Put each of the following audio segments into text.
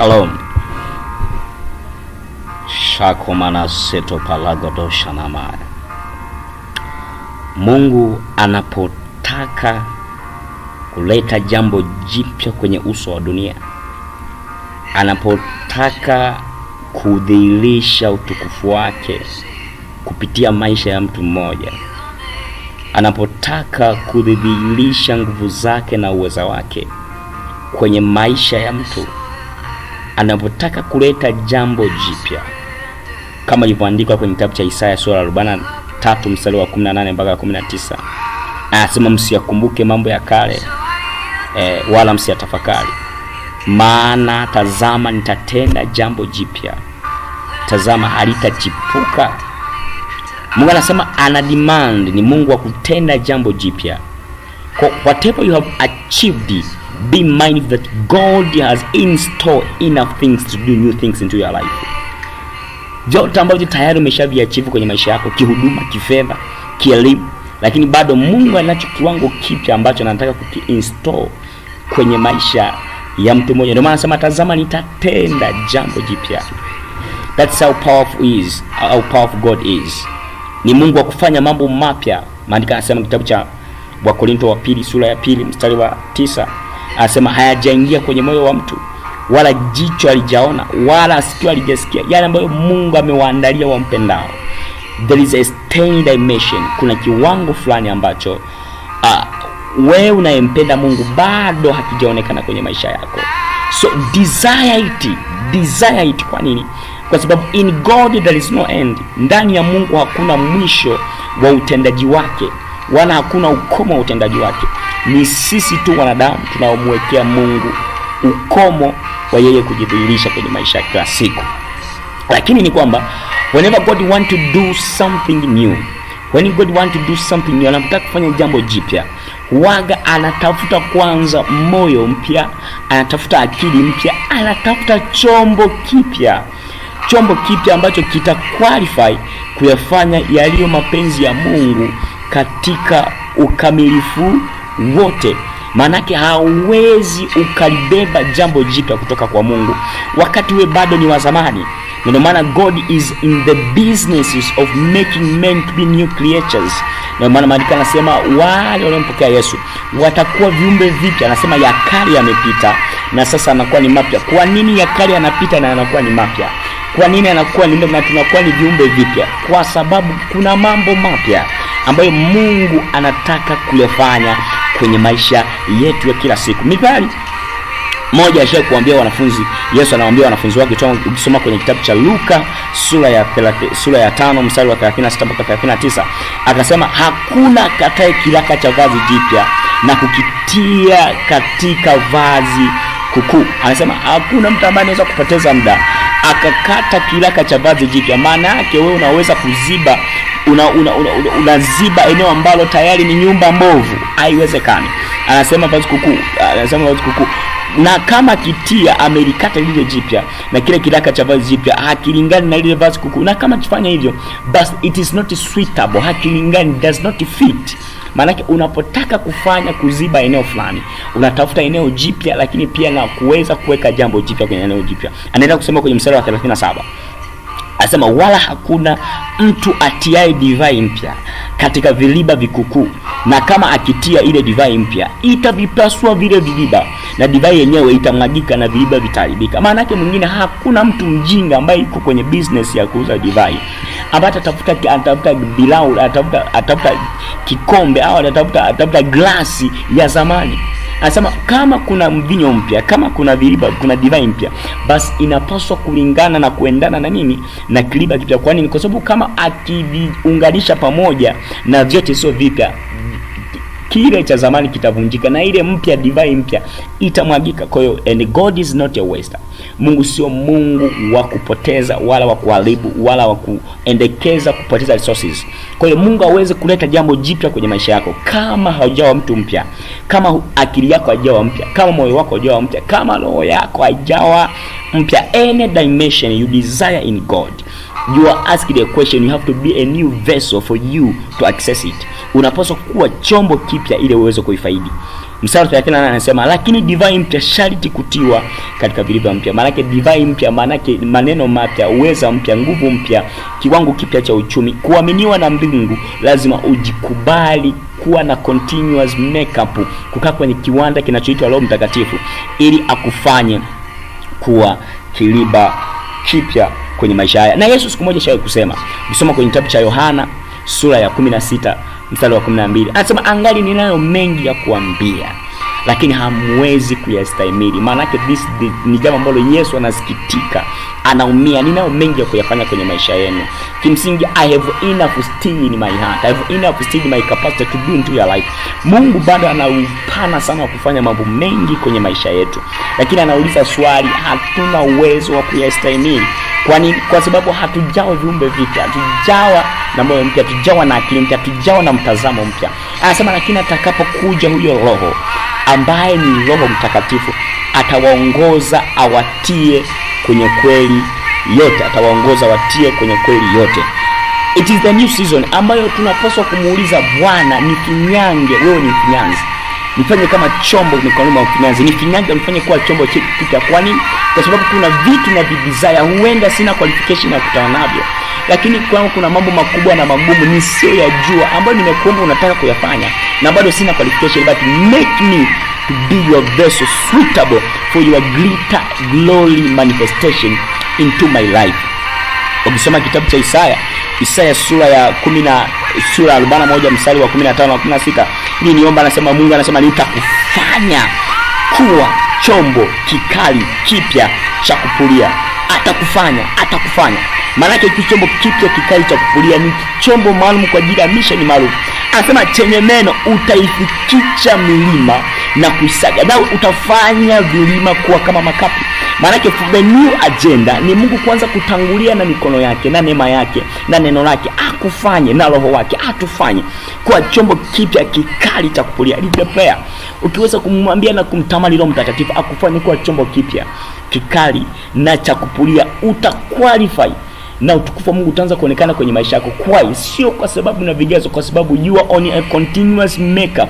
Shalom shakomana seto palagodosha na Mungu anapotaka kuleta jambo jipya kwenye uso wa dunia, anapotaka kudhihirisha utukufu wake kupitia maisha ya mtu mmoja, anapotaka kudhihirisha nguvu zake na uweza wake kwenye maisha ya mtu anavyotaka kuleta jambo jipya kama ilivyoandikwa kwenye kitabu cha Isaya sura 43 mstari wa 18 mpaka 19, anasema msiyakumbuke mambo ya kale e, wala msiyatafakari, maana tazama, nitatenda jambo jipya, tazama halitachipuka. Mungu anasema ana demand, ni Mungu wa kutenda jambo jipya. Whatever you have achieved Be mindful that God has in store enough things to do new things into your life. Vyote ambavyo tayari umeshaviachivu kwenye maisha yako, kihuduma, kifedha, kielimu, lakini bado Mungu anacho kiwango kipya ambacho anataka kukiinstall kwenye maisha ya mtu mmoja. Ndio maana anasema tazama, nitatenda jambo jipya. That's how powerful is, how powerful God is. Ni Mungu wa kufanya mambo mapya. maandika anasema kitabu cha Wakorinto wa pili sura ya pili mstari wa tisa anasema hayajaingia kwenye moyo wa mtu wala jicho alijaona wala sikio alijasikia yale ambayo Mungu amewaandalia wampendao. There is a stay dimension, kuna kiwango fulani ambacho uh, wewe unayempenda Mungu bado hakijaonekana kwenye maisha yako, so desire it, desire it. Kwa nini? Kwa sababu in God there is no end, ndani ya Mungu hakuna mwisho wa utendaji wake wala hakuna ukomo wa utendaji wake. Ni sisi tu wanadamu tunaomwekea Mungu ukomo wa yeye kujidhihirisha kwenye maisha ya kila siku. Lakini ni kwamba whenever God want to do something new, when God want to do something new, anataka kufanya jambo jipya, waga anatafuta kwanza moyo mpya, anatafuta akili mpya, anatafuta chombo kipya chombo kipya ambacho kita qualify kuyafanya yaliyo mapenzi ya Mungu katika ukamilifu wote. Maanake hauwezi ukalibeba jambo jipya kutoka kwa Mungu wakati we bado ni wa zamani. Ndio maana God is in the businesses of making men to be new creatures. Ndio maana maandiko anasema wale waliompokea Yesu watakuwa viumbe vipya, anasema ya kale yamepita na sasa anakuwa ni mapya. Kwa nini ya kale yanapita na anakuwa ni mapya? Kwa nini anakuwa ni na tunakuwa ni viumbe vipya? Kwa sababu kuna mambo mapya ambayo Mungu anataka kulefanya kwenye maisha yetu ya kila siku. Mithali moja ishaye kuambia wanafunzi, Yesu anawaambia wanafunzi wake, ukisoma kwenye kitabu cha Luka sura ya pelate, sura ya tano mstari wa 36 mpaka 39, akasema hakuna katae kiraka cha vazi jipya na kukitia katika vazi kukuu. Anasema hakuna mtu ambaye anaweza kupoteza muda akakata kiraka cha vazi jipya. Maana yake wewe unaweza kuziba unaziba una, una, una, una eneo ambalo tayari ni nyumba mbovu, haiwezekani. Anasema Padre Sikukuu, anasema Padre Sikukuu na kama kitia amelikata lile jipya na kile kidaka cha vazi jipya hakilingani na lile vazi kuku, na kama kifanya hivyo but it is not suitable, hakilingani, does not fit. Maanake unapotaka kufanya kuziba eneo fulani, unatafuta eneo jipya, lakini pia na kuweza kuweka jambo jipya kwenye eneo jipya. Anaenda kusema kwenye mstari wa 37 Asema wala hakuna mtu atiaye divai mpya katika viriba vikukuu, na kama akitia ile divai mpya itavipasua vile viliba na divai yenyewe itamwagika na viliba vitaharibika. Maana yake mwingine, hakuna mtu mjinga ambaye yuko kwenye business ya kuuza divai ambaye atatafuta atatafuta bilau, atatafuta kikombe au atatafuta atatafuta glasi ya zamani Anasema kama kuna mvinyo mpya, kama kuna viriba, kuna divai mpya, basi inapaswa kulingana na kuendana na nini? Na kiriba kipya. Kwa nini? Kwa sababu kama akiviunganisha pamoja na vyote sio vipya kile cha zamani kitavunjika na ile mpya, divai mpya itamwagika. Kwa hiyo, and God is not a waster. Mungu sio Mungu wa kupoteza wala wa kuharibu wala wa kuendekeza kupoteza resources. Kwa hiyo, Mungu hawezi kuleta jambo jipya kwenye maisha yako kama haujawa mtu mpya, kama akili yako haijawa mpya, kama moyo wako haujawa mpya, kama roho yako haijawa mpya, any dimension you desire in God you are asked a question, you have to be a new vessel for you to access it. Unapaswa kuwa chombo kipya ili uweze kuifaidi. Mstari 38 anasema lakini divai mpya sharti kutiwa katika vilivyo mpya. Maanake divai mpya, maanake maneno mapya, uweza mpya, nguvu mpya, kiwango kipya cha uchumi, kuaminiwa na mbingu. Lazima ujikubali kuwa na continuous makeup, kukaa kwenye kiwanda kinachoitwa Roho Mtakatifu ili akufanye kuwa kiliba kipya kwenye maisha haya. Na Yesu siku moja shawahi kusema, ukisoma kwenye kitabu cha Yohana sura ya 16 mstari wa 12, anasema angali ninayo mengi ya kuambia lakini hamwezi kuyastahimili. Maanake this, this ni jambo ambalo Yesu anasikitika, anaumia. Ninayo mengi ya kuyafanya kwenye maisha yenu. Kimsingi, I have enough still in my heart, I have enough still in my capacity to do into your life. Mungu bado ana upana sana wa kufanya mambo mengi kwenye maisha yetu, lakini anauliza swali, hatuna uwezo wa kuyastahimili. Kwa nini? Kwa sababu hatujawa viumbe vipya, hatujawa na moyo mpya, hatujawa na akili mpya, hatujawa na mtazamo mpya. Anasema, lakini atakapokuja huyo Roho ambaye ni Roho Mtakatifu atawaongoza awatie kwenye kweli yote, atawaongoza watie kwenye kweli yote. It is the new season ambayo tunapaswa kumuuliza Bwana, ni kinyange wewe ni kinyanzi nifanye kama chombo mikononi mwa mfinyanzi, nifinyange, nifanye kuwa chombo kipya. Kwa nini? Kwa sababu kuna vitu na bidizaya, huenda sina qualification ya kukutana navyo lakini kwangu kuna mambo makubwa na magumu ya jua ambayo nimekuomba unataka kuyafanya na bado sina qualification but make me to be your vessel suitable for your greater glory manifestation into my life ukisoma kitabu cha isaya Isaya sura ya kumi na sura arobaini na moja mstari wa 15 na 16. Hili niomba anasema Mungu anasema nitakufanya kuwa chombo kikali kipya cha kupulia atakufanya atakufanya. yake hiki chombo kipya kikali cha kupulia ni chombo maalum kwa ajili ya misheni maalum. Anasema chenye neno utaifikisha milima na kusaga, na utafanya vilima kuwa kama makapi. Maanake the new agenda ni Mungu kwanza kutangulia na mikono yake na neema yake na neno lake akufanye na roho wake atufanye kwa chombo kipya kikali cha kupulia. Lift ukiweza kumwambia na kumtamani Roho Mtakatifu akufanye kuwa chombo kipya kikali na cha kupulia, utakwalify na utukufu wa Mungu utaanza kuonekana kwenye maisha yako. Kwa sio kwa sababu na vigezo, kwa sababu you are on a continuous makeup.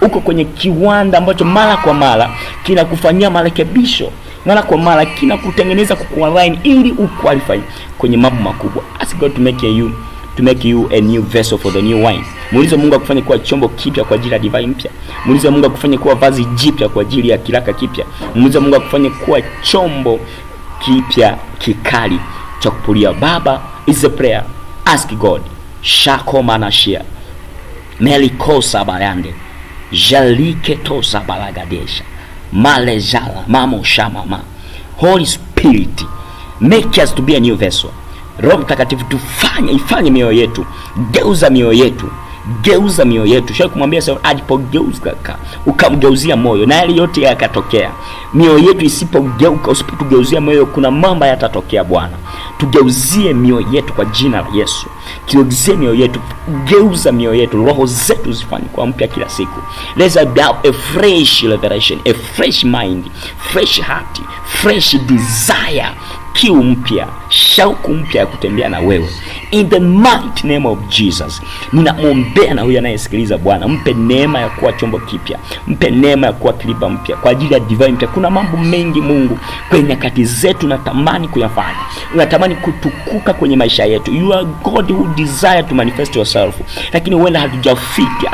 Uko kwenye kiwanda ambacho mara kwa mara kinakufanyia marekebisho, mara kwa mara kinakutengeneza kukuwa line ili uqualify kwenye mambo makubwa. Ask God to make you to make you a new vessel for the new wine. Muulize Mungu akufanye kuwa chombo kipya kwa ajili ya divai mpya. Muulize Mungu akufanye kuwa vazi jipya kwa ajili ya kiraka kipya. Muulize Mungu akufanye kuwa chombo kipya kikali cha kupulia. Baba is a prayer. Ask God. Shako manashia. Melikosa bayande. Jalike tosa balagadesha. Malejala mamo shamama. Holy Spirit, make us to be a new vessel. Roho Mtakatifu tufanye, ifanye mioyo yetu, geuza mioyo yetu, geuza mioyo yetu. Shaka kumwambia sasa, alipogeuza ukamgeuzia moyo na yale yote yakatokea. Mioyo yetu isipogeuka, usipotugeuzia moyo, kuna mambo yatatokea Bwana tugeuzie mioyo yetu kwa jina la Yesu, tugeuzie mioyo yetu, geuza mioyo yetu, roho zetu zifanye kwa mpya kila siku. Let's have a fresh revelation, a fresh mind, fresh heart, fresh desire, kiu mpya, shauku mpya ya kutembea na wewe in the mighty name of Jesus. Ninamwombea na huyo anayesikiliza, Bwana mpe neema ya kuwa chombo kipya, mpe neema ya kuwa kiliba mpya kwa ajili ya divine mpya. Kuna mambo mengi Mungu kwenye nyakati zetu unatamani kuyafanya, unatamani kutukuka kwenye maisha yetu. You are God who desire to manifest yourself, lakini huenda hatujafiki,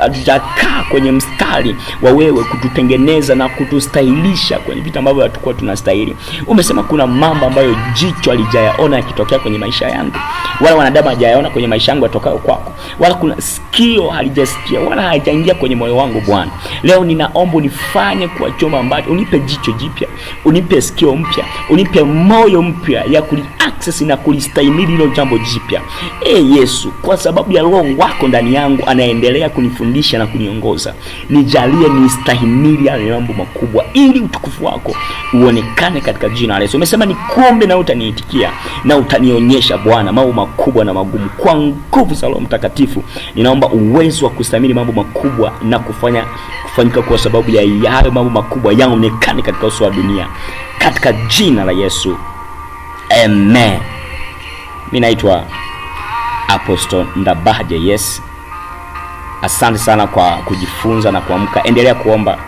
hatujakaa kwenye mstari wa wewe kututengeneza na kutustahilisha kwenye vitu ambavyo hatukuwa tunastahili. Umesema kuna mambo ambayo jicho alijayaona yakito yanatokea kwenye maisha yangu, wala wanadamu hajayaona kwenye maisha yangu yatokayo kwako, wala kuna sikio halijasikia wala hajaingia kwenye moyo wangu. Bwana, leo ninaomba unifanye kuwa chombo ambacho, unipe jicho jipya, unipe sikio mpya, unipe moyo mpya ya kuli access na kulistahimili hilo jambo jipya. E Yesu, kwa sababu ya Roho wako ndani yangu anaendelea kunifundisha na kuniongoza, nijalie nistahimili yale mambo makubwa, ili utukufu wako uonekane katika jina la Yesu. Umesema kuombe na utaniitikia na utanionyesha Bwana mambo makubwa na magumu. Kwa nguvu za Roho Mtakatifu ninaomba uwezo wa kustahimili mambo makubwa na kufanya kufanyika kwa sababu ya yale mambo makubwa yaonekane katika uso wa dunia katika jina la Yesu. Amen. Mi naitwa Apostle Ndabaje. Yes, asante sana kwa kujifunza na kuamka. Endelea kuomba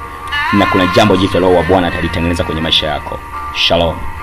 na kuna jambo jipya leo wa Bwana atalitengeneza kwenye maisha yako. Shalom.